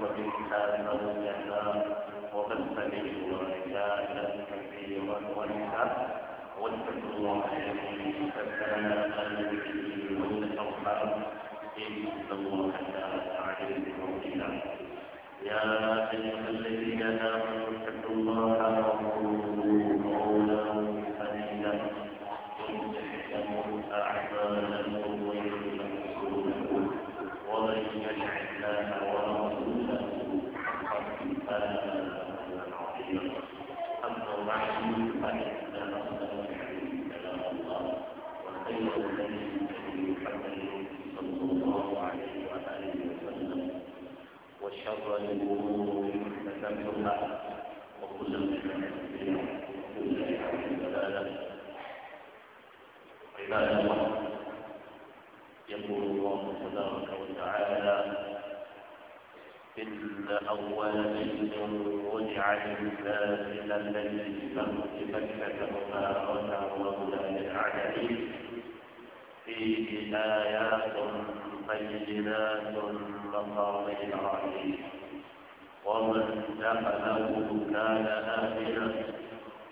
وبالحال واليسار وبث منهما رجالا كثيرا ونساء واتقوا الله الذي تساءلون يا ايها الذين امنوا اتقوا الله وقولوا وشر الأمور محدثاتها وكل محدثة بدعة وكل بدعة ضلالة عباد الله يقول الله تبارك وتعالى إن أول شيء رجع للناس إلى الذي في مكة مباركة وهدى للعالمين فيه آيات بينات مقام إبراهيم ومن دخله كان آمنا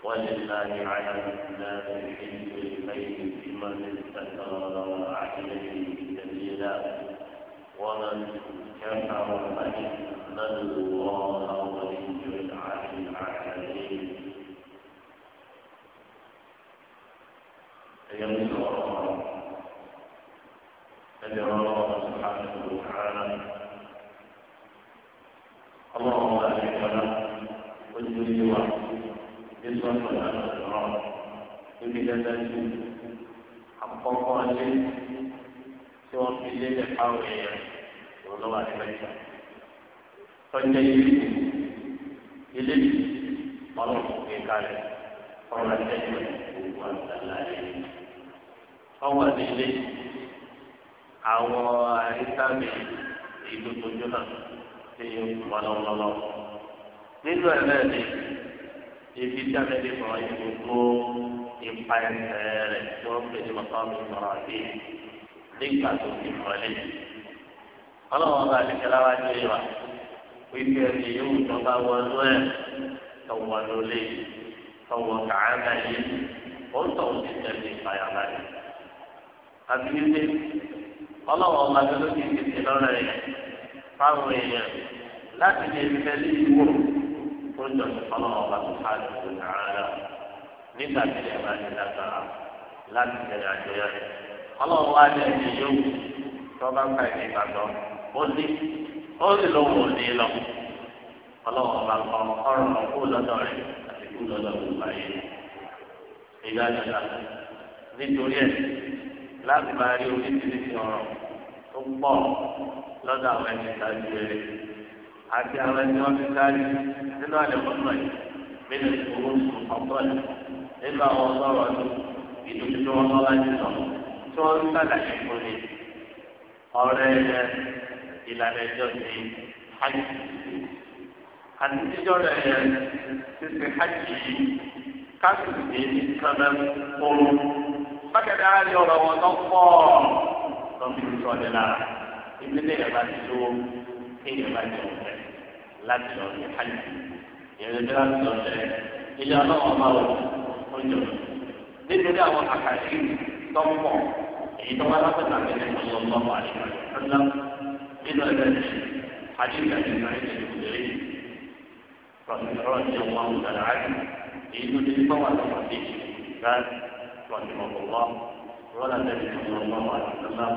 ولله على الناس حلم البيت من استكبر عليه سبيلا ومن كفر فإن الله ولي العلي العليم يا الله سبحانه وتعالى اللهم بارك لنا واجعل لي يسوع لنا الصراط وفي جنته حقق عليه سوى في ليل حاوية والله عليك فجيب إليك الله يكالك فلا تجمع وأنت لا يجمع فهو إليك àwọn ìsàmì ìlú tójú náà ṣe yẹ wà lọ́wọ́lọ́wọ́. nínú ẹ̀ náà ni ibi tí abẹ́lé kan yìí gbogbo ipa ẹsẹ̀ rẹ̀ tí wọ́n pè ní bàbá mi sọ̀rọ̀ àti nígbà tó ti mọ̀lẹ́. ọlọ́wọ́n bá ti kẹ́lá wá jẹ́ ìwà wípé ẹni yóò tó bá wọnú ẹ̀ tọ̀wọ̀ lólè tọ̀wọ̀ kàánà yìí ó tọ̀wọ̀ ti tẹ̀lé ìpayà báyìí. àbí wípé ọlọ́wọ́ ọba tó ti ti ti lọ́rọ̀ rẹ̀ fáwọn èèyàn láti lè tẹ̀lé ìwò tó jọ ọlọ́wọ́ ọba tó ká lè tẹ̀lé ara nígbà tí ẹ bá ti dàgbà láti tẹ̀lé àjọyọ̀ rẹ̀ ọlọ́wọ́ wa lè ní yóò tó bá ń ka ìdí ìgbàgbọ́ ó ní ó ní lówó ní lọ ọlọ́wọ́ ọba kọ ọrọ̀ kó lọ́dọ̀ rẹ̀ àti kó lọ́dọ̀ gbogbo ayé ìgbà tó dàgbà láti máa rí oríṣiríṣi ọ̀rọ̀ tó pọ̀ lọ́dọ̀ àwọn ẹni ìtajú rere àti àwọn ẹni wọn fi kárí nínú àdébọ̀tọ̀ yìí nínú ìfowó ọ̀pọ̀ yìí nínú àwọn ọlọ́rọ̀ ní ìlú tí wọ́n lọ́ láti sọ tí wọ́n ń sàlàyé fún ni ọ̀rẹ́ ìlànà ẹjọ́ ti hajj àti jíjọ́ rẹ̀ ṣíṣe hajj yìí káàkiri ní sábẹ́ kóró bákẹ́tà á rí ọ̀rọ̀ wọn tó pọ̀ lọ́sí ti sọ́ọ́ dẹ́la ibi ní ìyàbá ti tó ìyàbá ti ọ̀fẹ́ láti lọ sí hajj ìyàbá láti lọ sẹ́ ilé ọlọ́wọ́n bá wọ ọjọ́ nítorí àwọn àkàtì tó pọ̀ èyí tó wá lọ́sẹ̀ tàbí ẹni tó lọ́ lọ́wọ́ àṣìkò ọ̀nà nínú ẹgbẹ́ ti hajj àti ìgbàlejò ìgbèrè rọ̀ṣẹ̀ rọ̀ṣẹ̀ wọn ò dàda àjù èyí tó ti gbọ́ wà lọ́wọ́ رحمه الله ولا النبي صلى الله عليه وسلم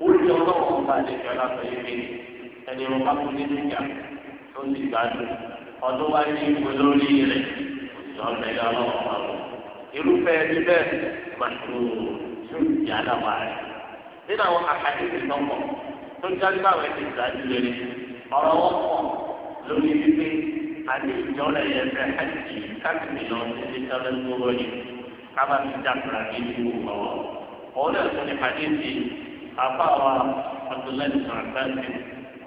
قلت الله ذلك على طيبه أن يقام منك تنسك عنه ọdúnwájú olórí rẹ ìjọba ìyá ọlọ́run ọ̀rọ̀ irúfẹ́ ẹni bẹ́ẹ̀ pàtó ìyá àdàmà rẹ nínú àwọn àkàtì ìtọ́pọ̀ tó ń jáde báwọn ẹni ìdájú lórí ọ̀rọ̀ wọn pọ̀ lórí wípé àti ìjọba ìyẹn fẹ́ àti káàkiri lọ sí ní sábẹ́ gbogbo yìí kaba mi dàgbà nínú ọwọ́ ọwọ́ náà tún ní hadithi apá wa abdullahi sàǹtàǹtì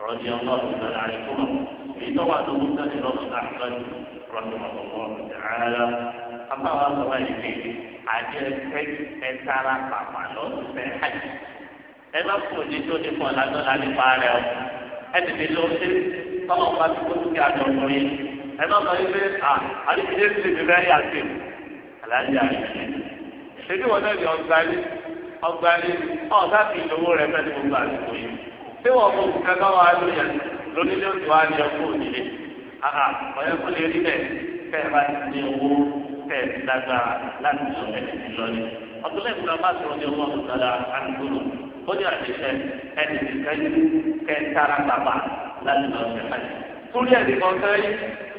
rọdí ọlọ́run lọ́la àìkúrọ̀ èyí tó wà lóhùn náà ní lọ́sùn àgbàdo rọdí ọlọ́run tààrà apá wa sọ wáyé pé àdé ẹsẹ ẹtara pàpà lọ́sùn fẹ́ hajj ẹ má kú òjì tó ní kọ́ ládọ́lá nípa rẹ̀ ọ ẹ tètè lọ sí tọ́lọ́ bá ti kó dúkìá lọ́kùnrin ẹ má sọ wípé à àdìsí ẹ ti lè bẹ̀rẹ̀ yà sí i alájà ṣébí wọn náà di ọgbàlẹ ọgbàlẹ ọ̀sá ti ìdòwò rẹ pẹ̀lú gbogbo àsìkò yìí ṣé wọn kò kú kankan wà lóyè lónílé òtún wa ni ọkọ ònílé àhà ọ̀yẹ́ kó lè rí bẹ́ẹ̀ kẹ́ẹ̀ bá ti ní owó kẹ́ẹ̀ ti dágbára láti lọ ẹ̀sìn ti lọ ni ọdún lẹ́yìn náà bá sọ̀rọ̀ ní owó ọ̀sọ̀dá àdúgbò ó ní àṣìṣe ẹni ti kẹ́yìn kẹ́ẹ̀ tára bàbà láti lọ ẹ̀sìn torí ẹ̀sìn kan sẹ́yìn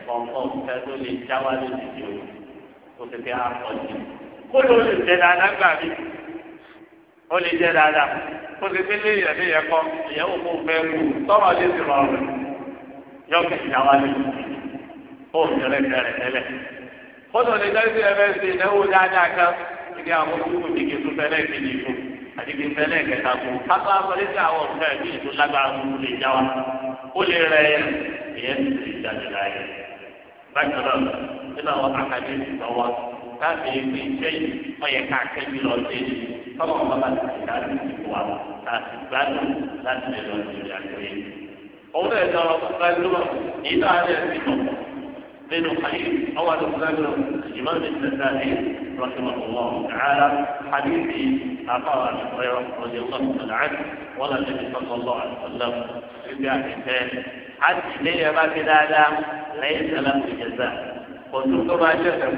kọ̀ọ̀kan kẹ́ẹ̀ tó lè jáwá lójijì òun òtítí àpọ̀jù kó ló lè jẹ dáadáa gbà mí ó lè jẹ dáadáa kó ti fi léyìn ẹ̀mí yẹn kọ́ ìyẹn wò kó fẹ́ kú tọ́wọ́ lè ti rọrùn yọ kẹ̀kẹ́ àwa lè ó bẹ̀rẹ̀ bẹ̀rẹ̀ tẹ́lẹ̀ kó ló lè dájú ẹ̀fẹ́ sí ìnáwó dáadáa kan ìdí àwọn olùkú ti kí sunfẹ́lẹ́ kejì fún àdìgbì fẹ́lẹ́ kẹta fún kápá pẹ̀lẹ́sì àwọn ọ̀fẹ́ mi ìtúlágbára mú bákan náà nínú àwọn akadé ìgbọ̀wọ́ káàbí yìí wọ́n yẹ ká lọ sí i kọ́mọ̀ bàbá ti ṣe láti ìdìbò wa láti gbádùn láti lè lọ sí ìrìn àjò yìí. òun náà lọ gbájúmọ̀ nínú àárẹ̀ ìdìbò بن قيم أو الإمام الإمام النسائي رحمه الله تعالى حديث أقام أبي هريرة رضي الله تعالى عنه ولا النبي صلى الله عليه وسلم في حسين حتى إليه ما في هذا ليس له جزاء قلت ما جزاء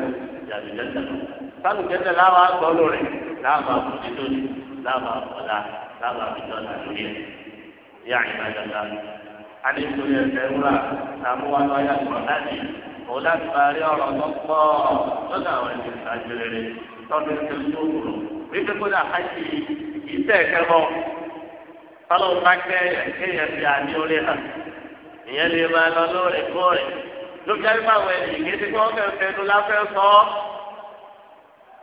يعني جزاء قالوا جزاء لا ما قالوا لا ما قلتوني لا ما ولا لا ما قلتوني يا عباد الله عن الدنيا الكريمة نعم وأنا يا òun láti máa rí ọ̀rọ̀ tó pọ̀ lọ́dọ̀ àwọn ẹni ìtajú rere lọ́dún tó ń tó kúrò wípé kó dà ká sí ìtẹ́ ẹ̀kẹ́bọ̀ fọlọ́ bá kẹ́ ẹ̀kẹ́yẹ̀ fi àmì orí hàn ìyẹn lè máa lọ lóòrèkóòrè ló jẹ́ pé àwọn ẹni ìgbésí kí wọ́n fẹ́ẹ́ fẹ́ẹ́ ló láfẹ́ sọ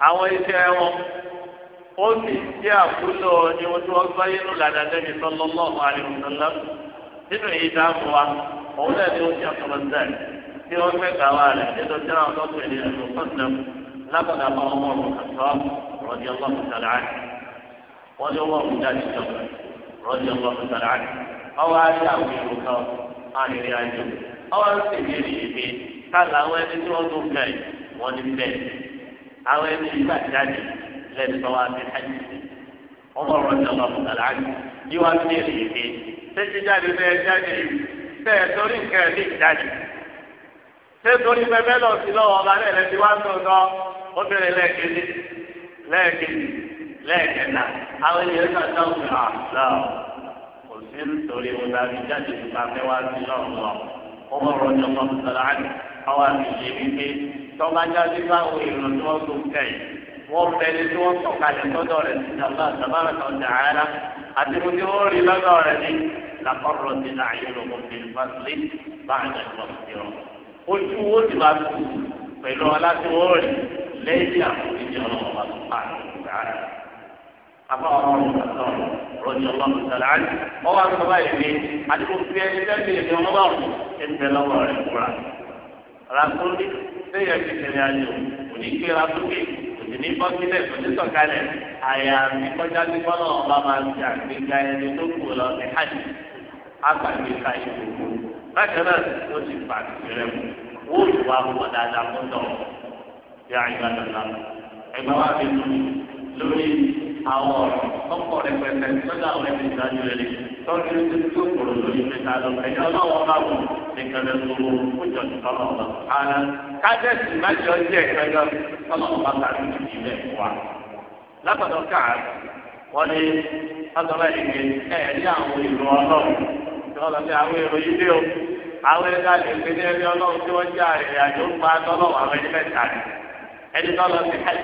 àwọn iṣẹ́ wọn ó sì jẹ́ àkúlò ní ohun tí wọ́n gbáyé ló tí wọ́n fẹ́ kà wá rẹ̀ nínú tí wọ́n tọ́jú ẹni ẹ̀sùn fọ́sẹ̀ lábàdà bá ọmọ ọmọ àtọ́ rọ́dí ọlọ́mù sàlẹ̀ àti wọ́n ní ọmọ ọmọ jáde jọ rọ́dí ọlọ́mù sàlẹ̀ àti ọwọ́ ayé àwọn èrò kan àrèrè àjò ọwọ́ ń sì yé ìyèmí káàlà àwọn ẹni tí wọ́n tún kẹ́ wọ́n ní bẹ́ẹ̀ àwọn ẹni ìgbà jáde lẹ́nu wá sí ẹ̀ ṣé torí pẹpẹ lọ sí lọ́wọ́ ọba náà lẹsí wá tó tọ ó bẹ̀rẹ̀ lẹ́ẹ̀kejì lẹ́ẹ̀kejì lẹ́ẹ̀kẹta àwọn ènìyàn náà tó ń gbà lọ kò sí nítorí wọn láti jáde nípa mẹwàá sí lọ́wọ́ lọ wọn bọ rọ ọjọ́ sọ̀rọ̀ àná àwọn àmì wípé tọba jáde báwo ìrùn tí wọn tó kẹ́yìn wọn fẹni tí wọn tọ kalẹ̀ rẹ̀ sí ìjàmbá sábàbà rẹ̀ ní ojú wo ti máa tu pẹ̀lú ọlá tí wọ́n rẹ̀ lẹ́yìn àkójọ ọlọ́run wa tó pa àgbàrá. Àbáwọn ọmọ ọmọ ìgbàlọ́ rọ̀jò ọlọ́run sọ̀rọ̀ àti ọwọ́ àgbà báyìí ni àdìgbò fi ẹni lẹ́sìn ìdí ọmọ bá wù ẹni tẹ lọ́wọ́ rẹ̀ kúra. Ràtúndì sẹ́yìn ti tẹ̀lé ayò òní ní bọ́sílẹ̀ òsì sọ̀kalẹ̀ àyà mi kọjá sí fọ́nà ọba bákan náà wọ́n ti fà tìrẹ mu wọ́n ti wá wọ dáadáa kó tọ̀ ya ìgbà dọ̀la ẹgbẹ́ wa fi tún mi lórí àwọn ọ̀rọ̀ ọkọ̀ rẹ pẹ̀lẹ́ sọ́jà àwọn ẹni ìdájọ́ rẹ ni tọ́jú ní tí ó kúrò lórí mẹ́ta lọ ẹ̀yọ́ ọlọ́wọ́ bá wù ní kẹlẹ́ gbogbo kójọ ní tọ́lọ̀ ọ̀la ara kájẹ́sì má jọ jẹ́ ìpẹ́jọ́ tọ́lọ̀ ọ̀la tàbí ìbílẹ̀ wa látọ̀dọ̀ káà wọ́n ní lọ́dọ̀ àwọn èrò yìí dé o àwọn ẹ̀ka lè gbé ní ọlọ́run tí wọ́n jẹ́ àrẹ̀rẹ̀ àjò ń pa àwọn ẹni mẹ́ta rẹ̀ ẹni tọ́lọ́ sí hajj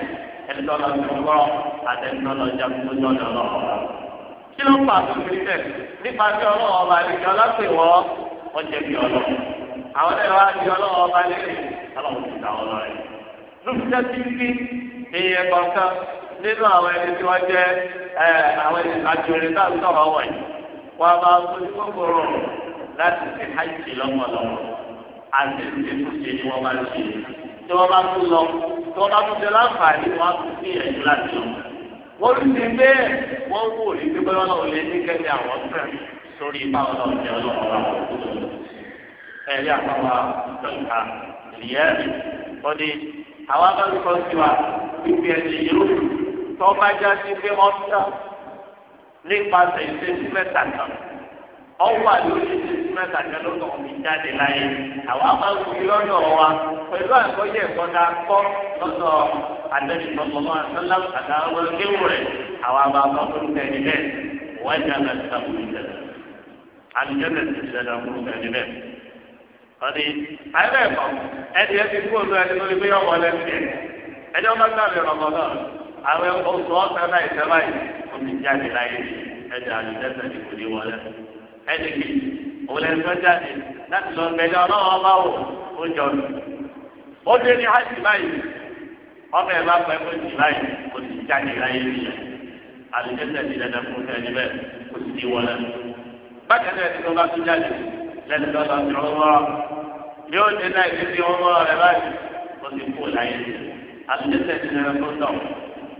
ẹni tọ́lọ́ sí ọgbọ́n àti ẹni tọ́lọ́ sí àkójọ ọ̀dọ̀ kí ló ń pa àtúntò ìfẹ́ nípa bí ọlọ́run ọba àlejò ọlọ́pẹ̀ wọ́ wọ́n jẹ́ bí ọlọ́run àwọn ẹ̀rọ àti ọlọ́run ọba lẹ́yìn wọ́n máa ń fojú kòkòrò láti fi hajj lọ́mọlọ́mọ àti ìdíkùsí ni wọ́n máa ń ṣe tí wọ́n bá tún lọ tí wọ́n bá tún ṣe láǹfààní wọ́n á tún sí ẹ̀jú láti lọ. wọ́n ti ti bẹ́ẹ̀ wọ́n wò ní pípẹ́ wọn náà lé ní kẹ́kẹ́ àwọn fẹ́ sórí ipa wọn náà jẹ́ ọlọ́run àwọn ẹ̀rí àpapọ̀ ìjọba ìyẹ́rì wọ́n ní àwọn abájúkọ sí wa wípé yìí tó bá já sí pé wọ́n ń nípasẹ̀ ìṣesí mẹ́ta kan ọwọ́ àlórí mẹ́ta kan ló tọ̀ mí jáde láyé àwọn amáwùú lọ́dọ̀ wa pẹ̀lú àkọ́yé ẹ̀kọ́ kọ́ lọ́dọ̀ àdẹ́sìmọ́mọ́ àtọ́lá àtàwọn kéwù rẹ̀ àwọn àbàbọ̀ fún tẹ̀lé bẹ́ẹ̀ wọ́n jẹ́ àgbàtà fún ìṣẹ̀lẹ̀ àlùjẹ́lẹ̀ bẹ́ẹ̀ ọdí ayẹlẹ ẹkọ ẹdí ẹbí fóònù ẹni lórí bí ti jáde láyé ẹ̀dá àlùdẹ́sẹ̀ ni kò ní wọlé ẹni kì òun ẹni tó jáde láti lọ gbẹlẹ ọlọ́wọ́ bá wò ó jọ mi ó dé ní hajj báyìí ọmọ ẹ bá pẹ́ kó jì báyìí kò sì jáde láyé nìyẹn àlùdẹ́sẹ̀ ni dandan fún ẹni bẹ́ẹ̀ kò sì ní wọlé bákan ẹni tó bá tún jáde lẹ́nu tó lọ sí ọmọ yóò dé náà ìdí sí ọmọ rẹ báyìí kò sì kú láyé àlùdẹ́sẹ̀ ni dandan fún tọ̀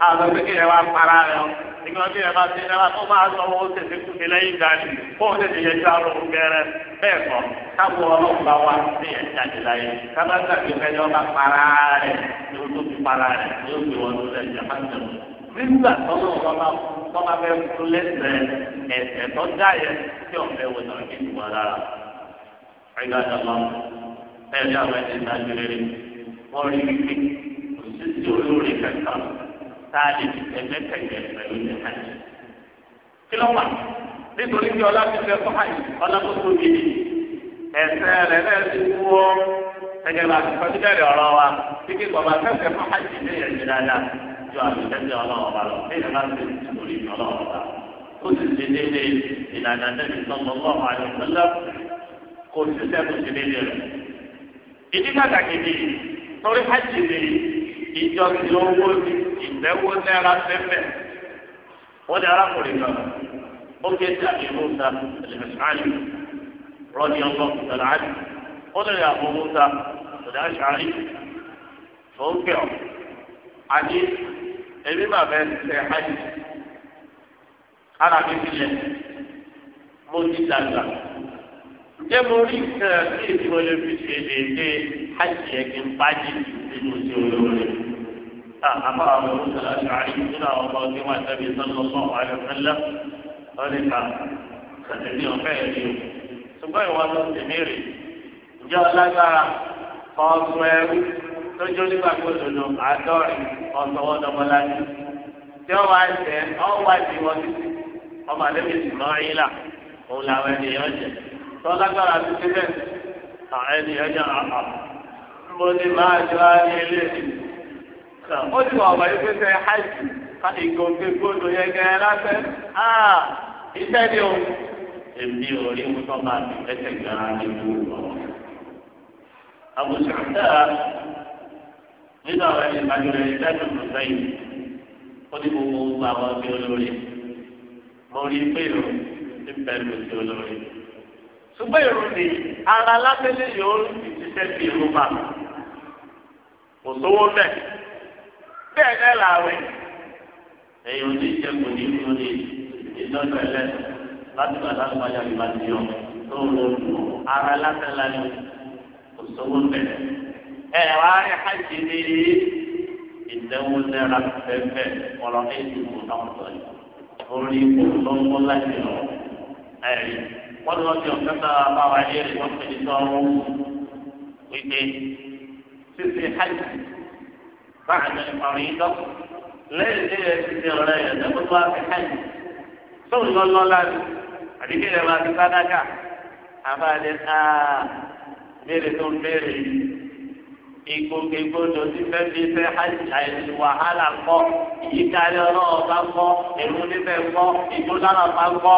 àwọn gbẹgẹrẹ para rẹ nígbà tí ẹ bá ti ẹ bá tó máa sọ wọn ó tètè kú mi lẹ́yìn ìdáni kó o tètè yẹn jáde ọ̀run gẹ́rẹ́ bẹ́ẹ̀ kọ́ káwọn ọlọ́run bá wá sí ẹ̀ jáde láyé kábà gbàgbé fẹ́ lọ́ba para rẹ̀ ni o tó fi para rẹ̀ ni o fi wọn lulẹ̀ jàmbá tẹ̀ wọ́n. nígbà tọ́lọ́ ọba tọ́ba fẹ́ kú lẹ́sẹ̀ ẹ̀sẹ̀ tó dá yẹ tí ọ̀fẹ́ wọ náà kí ìwọ rárá. ẹ̀dá dàgbà ẹ̀dá àwọn ẹ̀dá ìdájọ́ rẹ̀ wọ́n rí wípé òṣìṣẹ́ olóore kẹta sáàlì ẹgbẹ́kẹ̀gbẹ́ pẹ̀lú ní hajj. kí ló wà nítorí pé ọlá ti fẹ́ fún hajj ọlá tó tó yìí ẹsẹ̀ rẹ̀ náà ti wú ọ́ ẹgbẹ́ bá ti kọjú bẹ̀rẹ̀ ọ̀rọ̀ wa bí kí bàbá fẹ́fẹ́ fún hajj ní ẹ̀jẹ̀ dáadáa ju àtúntẹ́sẹ̀ ọlọ́wọ́ bá lọ bí ìlànà ti nítorí ọlọ́wọ́ bá ó sì ṣe déédéé ìlànà nẹ́bí sọ́mọ́ ọlọ́wọ́ àdìsọ́lá kò sí sẹ́kù sí déédéé rẹ̀. ìdí pàtàkì ni torí hajj ni ìjọ ti owó ni ìnáwó náírà fẹ́fẹ́ wọ́n ní arákùnrin kan ó ké sí àmì musa ẹlẹ́mẹ̀sáàlì rọ́ọ̀dì ọgbọ́n sọ̀dáàlì ó lè rí àbọ̀ musa sọ̀dáàlì àárí tó ń kẹ́ ọ́ àti èmi máa fẹ́ ṣe hajj ara mi sílẹ̀ mo ti dàgbà ǹjẹ́ mo rí nǹkan tí èmi ṣe lè dé hajj yẹn bá jì nínú ìṣòro àfáà wọn ló sọ̀rọ̀ àti àyè nínú àwọn ọmọ ọdún wọn àtàbí sọ́nà sọ́ọ̀ àyọ̀kẹ́lẹ́ lọ́dẹ̀ ká sàtẹ̀lé ọ̀fẹ́ ẹ̀ ni o. ṣùgbọ́n ìwọ ló ti mérè ìjọ lágbára ọ̀sùn ẹrú lójú nígbà gbọdọdọ àádọ́rin ọ̀sọ̀wọ́ sàn ó ti wà wà yìí pé sẹ́ hajj ìgòkè gbòdò yẹn gẹ́gẹ́ lásẹ̀ á iṣẹ́ ni o èmi ò rí mu tó bá mi ẹsẹ̀ gbára ní ìlú lọ. àbùsùn dáa nínú àwọn ẹni ìbájúlẹ̀ ìdájọ́ tó sẹ́yìn ó ní gbogbo gbogbo àwọn ọbẹ̀ olórí mo rí pé ìrù ti bẹ̀rù sí olórí. ṣùgbọ́n ìrù ni ara lábẹ́lẹ́ yóò ti ṣiṣẹ́ bí ìrù bá kò sówó bẹ́ẹ̀ bẹ́ẹ̀ bẹ́ẹ̀ làwẹ̀ ẹ̀yin ò ní ìjẹ́kù ní ìlú ní ìdọ́jọ́ ẹlẹ́ láti gbà láti wáyà bí bá ti yọ tó ń lò lù ara lásán lálẹ́ kò sówó bẹ̀rẹ̀ ẹ̀ wá rí hajj ní ìdẹ́wò náírà fẹ́fẹ́ ọ̀rọ̀ ẹ̀yìn kò náà sọ yìí orí kò lọ́wọ́ láti lọ ẹ̀rí wọ́n lọ sí ọ̀kẹ́ bá wa yé ẹ̀rí wọ́n fi ní sọ́ọ́ wípé ṣíṣe hajj. بعد المريضة ليس يستطيع لا يدخل واحد صلى الله عليه وسلم àdìgbé rẹ̀ máa fi sádákà àbáde aa béèrè tó ń béèrè ìgbòkègbodò tí fẹ́ fi fẹ́ àìsàn wàhálà kọ́ ìyíkárí ọlọ́run bá kọ́ èrú níbẹ̀ kọ́ ìgbónára bá kọ́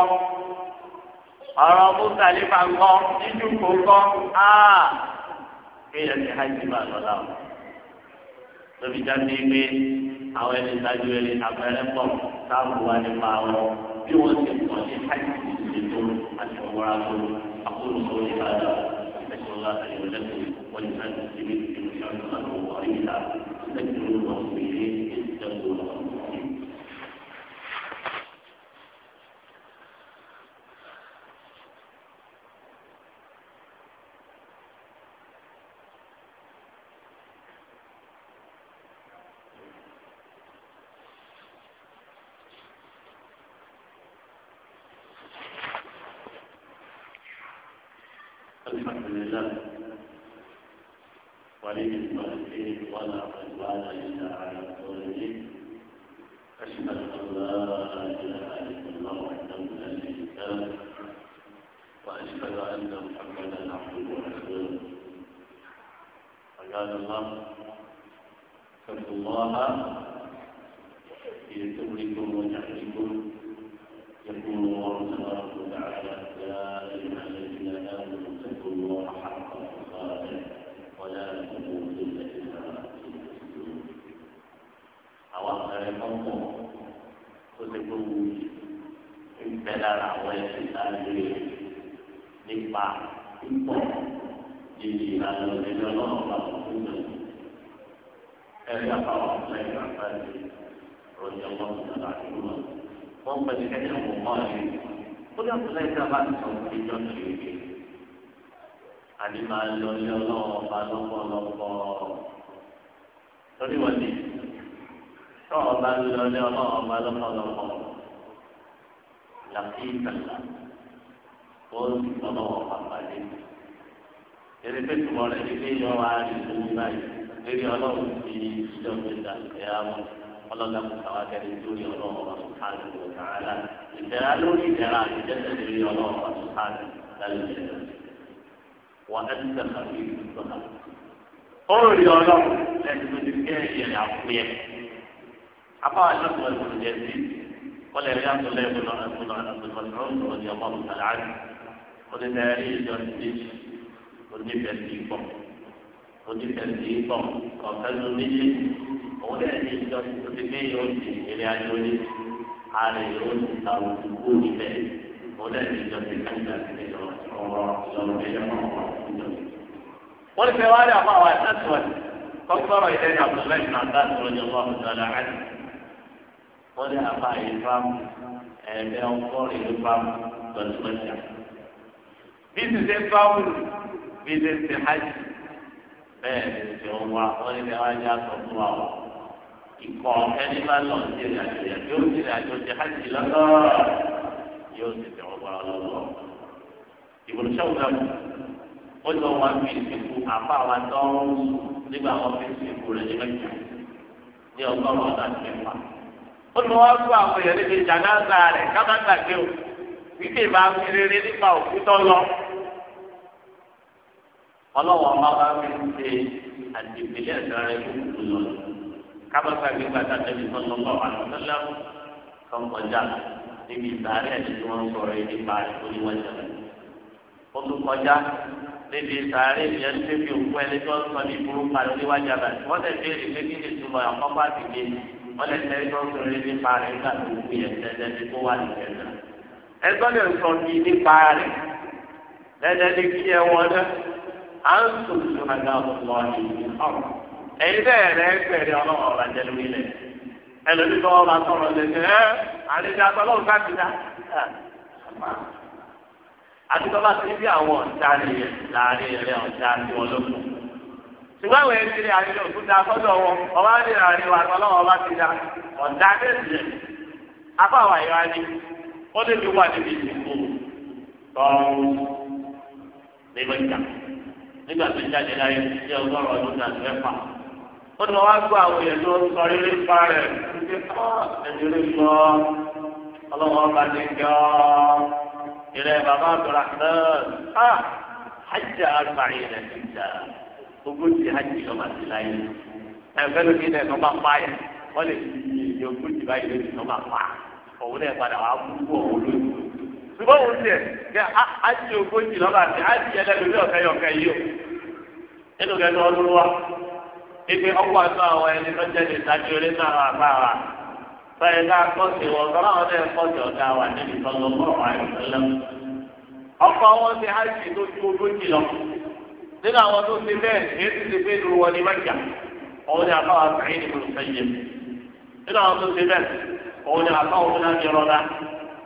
ọ̀rọ̀ mùsàlì bá kọ́ ìdúkò kọ́ aa kéèyàn ti hajj máa lọ láwọn tóbi jáde pé àwọn ẹni ìdájọ́ ẹni àpẹẹrẹ pọ̀ táàbù wa nípa wọn bí wọ́n ti pọ̀ ní àìsí ìṣètò àti ọ̀wọ́ra tó àkóso ìbàdàn ẹ̀ṣọ́ láti ìrọ̀lẹ́sìn wọ́n ti sáà الحمد لله ولي التوفيق ولا عدوان الا على الظالمين اشهد ان لا اله الا الله وحده لا شريك له واشهد ان محمدا عبده ورسوله عباد الله اتقوا الله في سركم وجعل bẹ lára àwọn ẹsẹ̀ lágbèrè nípa pípọ̀ níbi ìlànà ìlú ọlọ́run làwọn fún mi. ẹ̀rí àbáwọ̀ ọ̀sẹ̀ ìgbàgbọ́ ẹ̀ rọ̀jò wọn sọ̀rọ̀ àdúgbò wọn pẹ̀lú kẹ́kẹ́ wọn mọ́ ẹ̀ ó dàbí lẹ́yìn tí a bá ti sọ fún ìjọ kìrìkì. àní máa lọ ilé ọlọ́run ọba lọ́pọ̀lọpọ̀ lórí wọn tọ́ ọba lọ ilé ọlọ́run ọba lọ́pọ̀lọpọ̀. لقيت الله قلت الله وحفظه èrè pẹ̀lú ọ̀rẹ́ ilé yọ wá rí lórí báyìí lérí ọlọ́run ti ìjọ gbẹ̀dà ẹ̀yà mọ́ ọlọ́dà kùtà wá kẹ́lẹ́ lórí ọlọ́run ọ̀rọ̀ sùpáàlì ọ̀tà àlà ìdẹ̀ra lórí ìdẹ̀ra ìjẹ́sẹ̀ lórí ọlọ́run ọ̀rọ̀ sùpáàlì lálẹ́ ìdẹ̀ra wọ́n ẹ̀ ń tẹ̀ka bí ìdúgbà. ó rí ọlọ́run lẹ́yìn tó ti kẹ́ ìyẹn àpò yẹn wọ́n lè rí àtúnlẹ̀ ìbùnà ìbùnà ìbùnà ìbùnà òní ọmọ òkúta láàrin òní tẹ̀rí ìjọ méjì òní bẹ̀rẹ̀ ìbọ̀ òní bẹ̀rẹ̀ ìbọ̀ ọ̀fẹ́nu méjì òun lè rí ìjọ òní méjì òní ìrìn àjò ní ààrẹ òní àwọn òkú níbẹ̀ òun lè rí ìjọ méjì wọ́n fẹ́ wá rí àwọn àwọn àtàtúwọ̀n kọ́kọ́rọ̀ ìdẹ́ni àbúrò lẹ́yìn àtàtúwọ̀n wọ́n ní àbá ìfam ẹ̀ẹ́dẹ́ ọgọ́rin ló fam lọ́sọ̀ọ́sà. bí ti ṣe fáwọn bí ti ṣe hajj bẹ́ẹ̀ ni ṣe ń wá wọ́n ní bí wọ́n á yá sọ fún wa o. ikọ̀ ẹni bá lọ sí ìrìnàjò yẹn yóò sí ìrìnàjò ṣe hajj lọ́tọ́ yóò sì ṣe ọgbà ọlọ́wọ́. ìbùdó sọ́wọ́n náà ó lọ wá bí ìsìnkú àbá wa dán nígbà wọn fi ìsìnkú rẹ̀ ní mẹ́ta ní ọgọ́rùn-ún ọ̀dà ó ní wọ́n fún àwọn èèyàn níbi jàǹdà rẹ̀ kábà gbàgbé o wípé bá fi rere nípa òkú tó lọ. ọlọ́wọ́ ọba wa fi ń ṣe àdìpẹ́lẹ́ ẹ̀dọ́ rẹ̀ lókùn lọ. kábà gbàgbé gbàgbà tẹ̀lé tọ́lọ́ bá wà lọ́sọ́lá kan kọjá níbi ìsàárẹ̀ àti tí wọ́n sọ̀rọ̀ yìí nípa ìfowópamọ́sẹ̀ rẹ̀. ó tún kọjá níbi ìsàárẹ̀ yẹn níbi òkú ẹni tó ń sọ ní burúkú níwájú wọ́n lè tẹ́ ẹjọ́ sọ̀rọ̀ nípa rẹ̀ nígbà tó kú yẹn tẹ́tẹ́ tí kó wà ní ìjẹta. ẹjọ́ lè sọ ní nípa rẹ̀ tẹ́tẹ́ tí kí ẹ wọ́n dẹ́ à ń sùn sùn àgbà ọ̀pọ̀ ọ̀rọ̀ ẹ̀yin bẹ́ẹ̀ rẹ̀ bẹ̀rẹ̀ ọlọ́run ọ̀rọ̀ àjẹlú ilẹ̀ ẹlòmí bá sọ̀rọ̀ lẹ́sẹ̀ ẹ́ àlejò àtọ́lọ́run ká ti dá. àti bàbá ti bí àwọn ọ̀dà rẹ̀ láàrin rẹ̀ ọ̀dà ṣùgbọ́n àwọn ẹni rẹ̀ àti òkúta sọ́dọ̀ wọn ọba ní ìrànlẹ́ wa tọ́lọ́wọ́ ọba ti da ọ̀dà lẹ́sìn afọ àwọn àyọ̀ ni ó lè fi wà níbi ìdìbò tọ́run nígbà ìjà nígbà tó jáde láyé ní ọgọ́rùn ọdún náà mẹ́fà ó ní wọ́n wá gbọ́ àwọn èèyàn tó ń sọ rírí pa rẹ̀ ṣe kọ́ ẹ̀jẹ̀ ló sọ ọlọ́wọ́ ọba ti jọ ìrẹ̀ bàbá àbúrò ah, àtẹ́ ogójì hajj lọ́mà sí láyé ẹ̀fẹ́ ló ní ẹ̀fọ́ bá pa yẹ wọ́n lè fi ogójì báyìí lórí lọ́mà pa òun náà padà wà á kú òun lórí ṣùgbọ́n òun tiẹ̀ kẹ́ hajj ogójì lọ́mà sí hajj yẹn lẹ́nu ní ọ̀kẹ́ yọ̀kẹ́ yìí o nínú kẹ́kẹ́ ọdún wa ibi ọkọ̀ àti àwọn ẹni tó jẹ́ ní ìtajú orí náà àbá wa báyìí ká kọ́sì wọn kọ́ láwọn náà kọ́sì ọ̀gá wa níbi tọ́lọ́ ọkọ̀ wọn ti hajj tó ju ogójì lọ́mà nínú àwọn tó ti bẹ́ẹ̀ èyí ti ti bẹ́ẹ̀ lu wọn ní mẹ́jà òun ni àbáwá sàyìn ní kùnú sẹ́yìn nínú àwọn tó ti bẹ́ẹ̀ òun ni àbáwá wọn náà ní rọ́lá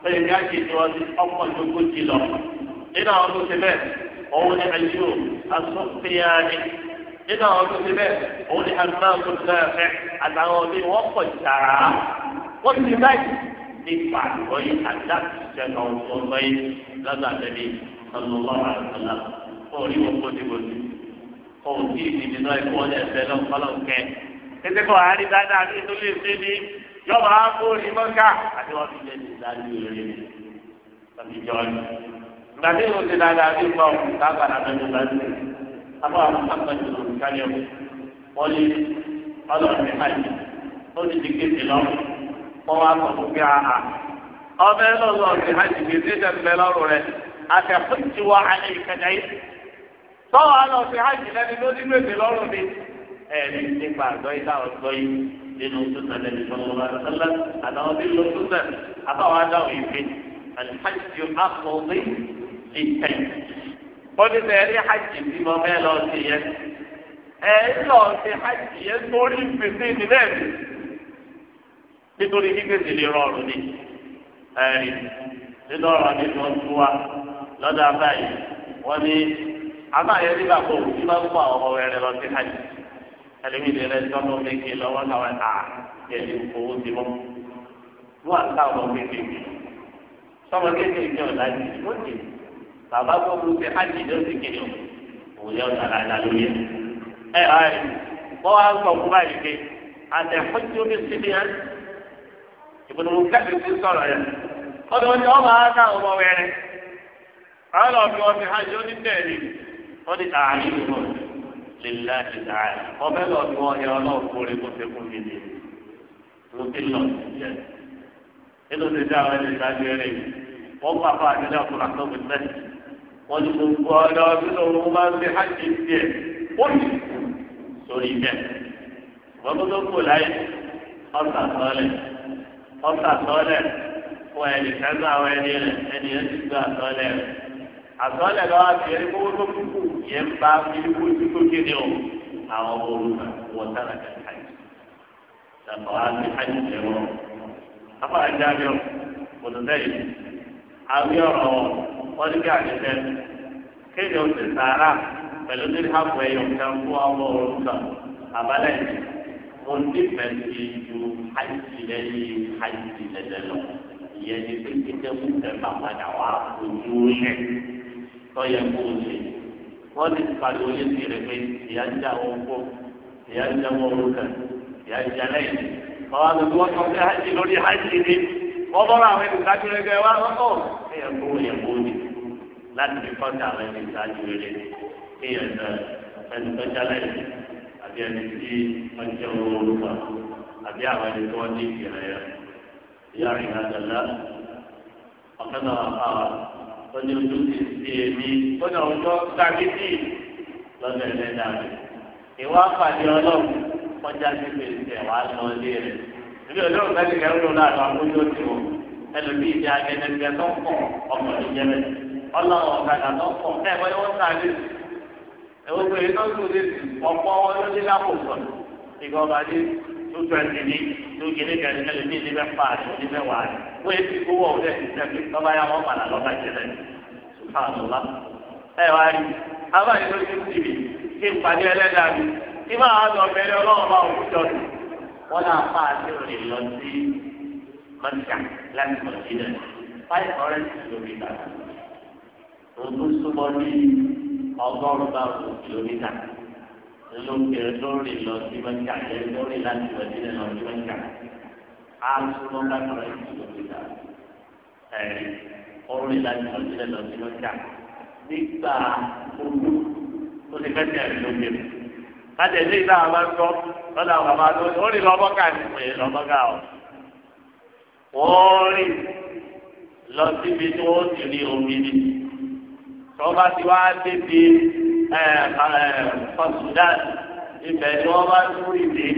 bẹ́ẹ̀ ní àjẹ́ tí wọ́n ti ọkọ̀ lóko ti lọ nínú àwọn tó ti bẹ́ẹ̀ òun ni àyù asọ́fíàní nínú àwọn tó ti bẹ́ẹ̀ òun ni àgbáwọ̀ sẹ́fẹ̀ àtàwọn mi wọ́n pọ̀ jàrá wọ́n ti báyìí nípa àgbọ̀yé àdáàbò ìṣẹ̀lẹ̀ kó rí wọn kó dìbò sí kó o tí ìdí nínú ẹ̀kọ́ ọdẹ ẹsẹ lọ kọlọ kẹ ẹsẹ kọ àárí dáadáa bí tó lè ṣe ní yọba kó rí mọ́ká àti wọn fi lẹ́nu ìdájú rẹ tàbí jọrọ ìgbà tí o ti dáadáa bí gbọ́ káàkiri abẹ́nu lásìkò àbọ̀ àwọn akọ̀jù olùkálẹ̀ wọn lé ọlọ́run ní àyè ó ti di kéde lọ́wọ́ wọn wá kọ̀ fún bí a ọbẹ̀ lọ́wọ́ ọ̀sẹ̀ àjèjì tọ́wọ́ á lọ sí hajj lẹ́ni tó ní gbèsè lọ́rùn mi. ẹ̀rí nípa àgbọ̀ yìí táwọn gbọ́ yìí nínú súnà lẹ́nu sọ́kọ́lá sọ́lá àtàwọn tí ń lo súnà àtàwọn adáwọ̀ ìfẹ́ alhajj akọ̀wé ìtẹ̀. wọ́n ti ẹ̀rí hajj bí mo fẹ́ lọ sí yẹn. ẹ̀rí lọ sí hajj yẹn torí gbèsè nílẹ̀ mi nítorí gbígbèsè lè rọrùn ni. ẹ̀rí nínú ọ̀rọ̀ mi tó ń tú wa lọ́dọ̀ àbá yẹn nígbà kó òbí máa ń kó àwọn ọmọ rẹ lọ sí hajj ẹlẹ́mìí lè rẹ tọ́nu méje lọ́wọ́ táwọn ta ẹ̀yẹ owó ti mọ́ wọ́n à ń ká ọmọ kékeré sọmọ kékeré ọ̀la jì ó jì bàbá tó kú sí hajj ló ti kéde òun yẹ ọ̀la láyà lóye ẹ ẹ wọ́n wá sọ fún báyìí pé àtẹ̀fọ́jú mi sí ni ẹ́ ìbùdó mu kẹ́sì ti sọ̀rọ̀ yẹn ọdún ọjọ́ ọba á ọmọ wẹ̀rẹ̀ wọ́n ti ta àyè lọ lílá ti ta àyè wọ́n fẹ́ lọ bí wọ́n yẹ ọlọ́run kórè kó ṣe fún mi nìyẹn mo ti lọ síyẹn nínú ti dá àwọn ẹni ìdájọ́ eré wọ́n bá fà ní ilé ọkùnrin àtọ́gbè mẹ́rin wọ́n ti gbogbo ọ̀dọ́ nínú òun máa ń fi hajj tiẹ̀ wọ́n ti sórí bẹ́ẹ̀ wọ́n tó tó kù láyé ọ̀sà sọ́ọ̀lẹ̀ ọ̀sà sọ́ọ̀lẹ̀ fún ẹnì kan náà àwọn ẹni rẹ̀ ẹni rẹ̀ ti gbà sọ́ọ̀lẹ̀ rẹ̀ àtọ́lẹ̀ lọ́wọ́ àti ẹni kó tó kúkú yẹn ń bá fílíkù tí tó kéde o àwọn ọmọ olùkà wọ́n sára kàkà hajj ṣàtọ̀ wá sí hajj jẹ wọn. afárá jẹ́ abíọ́ òdòdó yìí abíọ́ ọ̀rọ̀ wọ́n ní kí àdéhẹ́ kéde o ti sàárà pẹ̀lú nílé hàpọ̀ ẹ̀yọ̀ kan fún ọmọ olùkà àbálẹ̀ mo nífẹ̀ẹ́ sí ju hajj lẹ́yìn hajj tọ́yẹ kó o ṣe wọ́n ti pariwo yé ti rẹ̀ pé ìyá ń já wọn kó ìyá ń já wọn orúkẹ ìyá ń já lẹ́yìn bàbá mi wọ́n sọ pé hajj lórí hajj ni wọ́n bọ́ àwọn ẹni rẹ̀ gẹ̀ wá lọ́tọ̀ ẹ̀yẹ kó yẹ kó o láti fi kọ́ta àwọn ẹni ìdájú rẹ̀ ẹ̀yẹ ẹni tó já lẹ́yìn àbí ẹni tí wọ́n jẹ́ wọ́n ní ìrẹ̀ tọ́jú ojú ti ti èmi tọ́jú ọjọ́ sábìtì lọ́dọ̀ ẹ̀lẹ́dà rẹ̀. ìwà àpàdé ọlọ́run kọjá sí pèsè wà lọ ilé rẹ̀. ìbí ọlọ́run bẹ́ẹ̀ ti kẹ́rù láàrin àkójọ ti wọ̀ ẹlòmíì ti agẹnẹgbẹ tó ń pọ̀ ọmọ ìjẹ́rẹ́ ọlọ́run ọ̀kadà tó ń pọ̀ ẹ̀ wọ́n wọ́n sáré. ẹ̀wọ́n pé iná tó lè ti ọ̀pọ̀ wọn ló dé lápò sọ̀rọ̀ ìgbà ọba dé tó tó ẹ̀sìn ní tó kéde kẹ́lẹ́ wọ́n yẹ kí owó ọ̀hún ẹ̀sìn lọ́ba yà wọ́n padà lọ́ba ìṣẹ̀lẹ̀ ṣùgbọ́n ẹ wá rí abáyé ló ti ti rí kí n pàdé ẹlẹ́dà mi kí máa wá lọ bẹ̀rẹ̀ ọlọ́run bá òun jọ sí wọ́n náà fà á sí òde lọ sí mọ́tíkà láti mọ̀ sí rẹ̀ five hundred kilometer òun súnmọ́ ní ọgọ́rùn-ún báwọn kilometer lókè lórí lọ sí mọ́tíkà lórí láti mọ̀ asúnmọ́ kájọra yìí ló ti dà ẹ̀ ọ̀rọ̀ ìlànà ìlọsílẹ̀ lọ́sí lọ́jà nígbà olú ó ti fẹ́ tẹ̀ ẹ̀ lóge mi. kájọ ilé ìlà àwọn ń gbọ́ lọ́dọ̀ àwọn bàbá tó ó rí lọ́bọ́gà ní pè é lọ́bọ́gà ọ̀. wọ́n rí lọ síbi tí wọ́n ti rí omi ni. tọ́ba ti wá débi ẹ̀ ẹ̀ fọ́sùdán ibẹ̀ ni wọ́n bá tún ìdè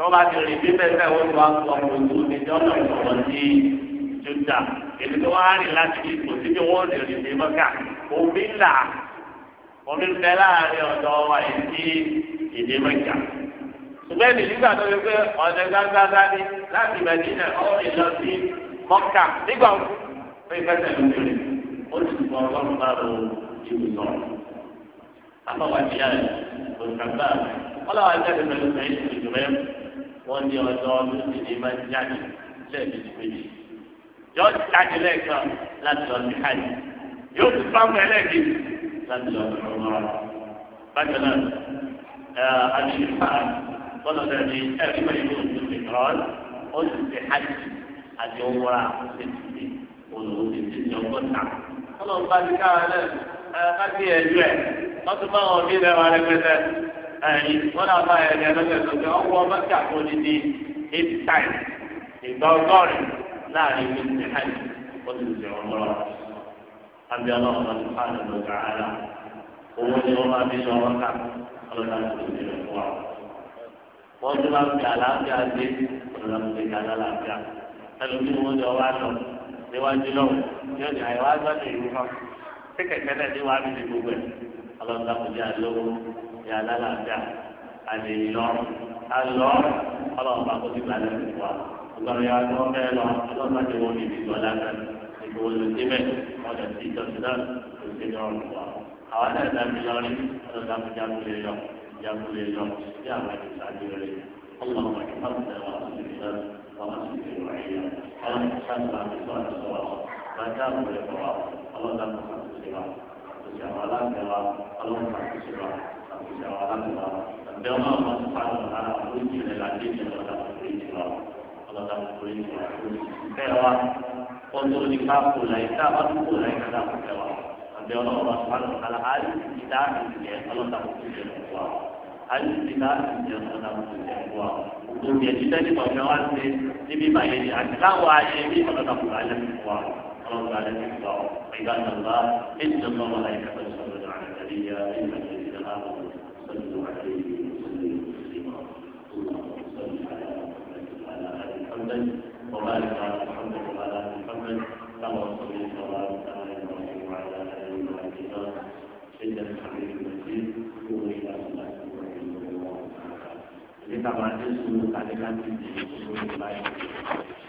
tọ́ba ti rìn bí bẹ́ẹ̀ bẹ́ẹ̀ wọ́n wá sọ òkú ní dọ́là ìṣòro ní júdà èmi tó wá rìn láti fi kò sí wọ́n lè rìn bí mọ́kà omi là omi bẹ láàrin ọ̀dọ́ wa ìdí ìdí mọ́kà. ṣùgbọ́n èmi nígbà tó fi pé ọ̀dẹ gbágbágbá ní láti mẹ́tìnà ọ̀rìn lọ sí mọ́kà nígbà òkú pé ìfẹsẹ̀ ló ti ó sì sọ ọlọ́run bá ro ìwòsàn. àbáwá ọlọ́wà jáde pẹ̀lú wọ́n ní ọjọ́ ọdún sì ní máa ń jáde lẹ́ẹ̀mejì méjì. yóò jáde lẹ́ẹ̀kan láti ọdún hajj yóò tún bá wọn ẹlẹ́ẹ̀kejì láti ọdún ọmọràn. bákan náà àdìsífà bọ́lá ọ̀dọ́ ni ẹ̀rí máa ń yọ oṣù ìrọ̀l oṣù ti hajj àti ọmọràn oṣù ti olùwò ti ti ní ọgọ́ta. ọlọ́run bá ti káwọn náà ẹ̀ lọ́tún ẹ̀yìn wọn náà bá ẹ̀yẹ lọ́sẹ̀ tó eight times ìgbà láàrin ó ti fáànù owó ni máa wọn fún wa tún máa fi àlàáfíà dé wọn níwájú yóò ní àgbàdo tí náà gbogbo àti alálàáfíà àti ìlọrin alọrin ọlọ́run bá tó ti gbà lẹ́nu wa ìgbàlódé wa tó ń bẹ́ẹ̀ lọ ọlọ́run bá ti wọ́n ní ìgbìmọ̀ lásán ìgbìmọ̀ ló ti bẹ̀ wọ́n lọ sí ìjọsìn náà kò sí ìlọrin wa àwọn náà dàbí lọrin ọlọ́run bá ti jágúlé lọ jágúlé lọ sí àwọn ìṣáájú rẹ̀ ọlọ́run bá ti bá ti tẹ̀wọ́ àwọn ìṣáájú rẹ̀ wọ́n ti ti wọ̀ ẹ̀yà ọlọ́run bá ti sá Allah'a emanet olun. شواهد الله عندما الله سبحانه وتعالى أخرج من العزيز الله تخرج الله الله تخرج الله كيوا قلت لك أقول لك أقول لك أقول عندما الله سبحانه وتعالى هل كتاب الله تخرج الله هل كتاب الله تخرج الله Òbí ẹ̀jú tẹ́lẹ̀ bọ̀ fẹ́ wá sí níbi báyìí àti láwọn ayé bí ọ̀dọ́dọ̀kùnrin alẹ́ mi wà ọlọ́run alẹ́ mi wà ọ̀gbìn gbàgbọ́ bá ẹ̀jú tẹ́lẹ̀ bọ̀ wọ́n láyé kẹfẹ́ sọ̀rọ̀ àgbẹ̀dẹ́yà ẹ̀jú tẹ́lẹ̀. وبارك على محمد وعلى ال محمد كما صليت وبارك على ابراهيم وعلى ال ابراهيم انك حميد مجيد قوم الى صلاتكم ورحمه الله وبركاته.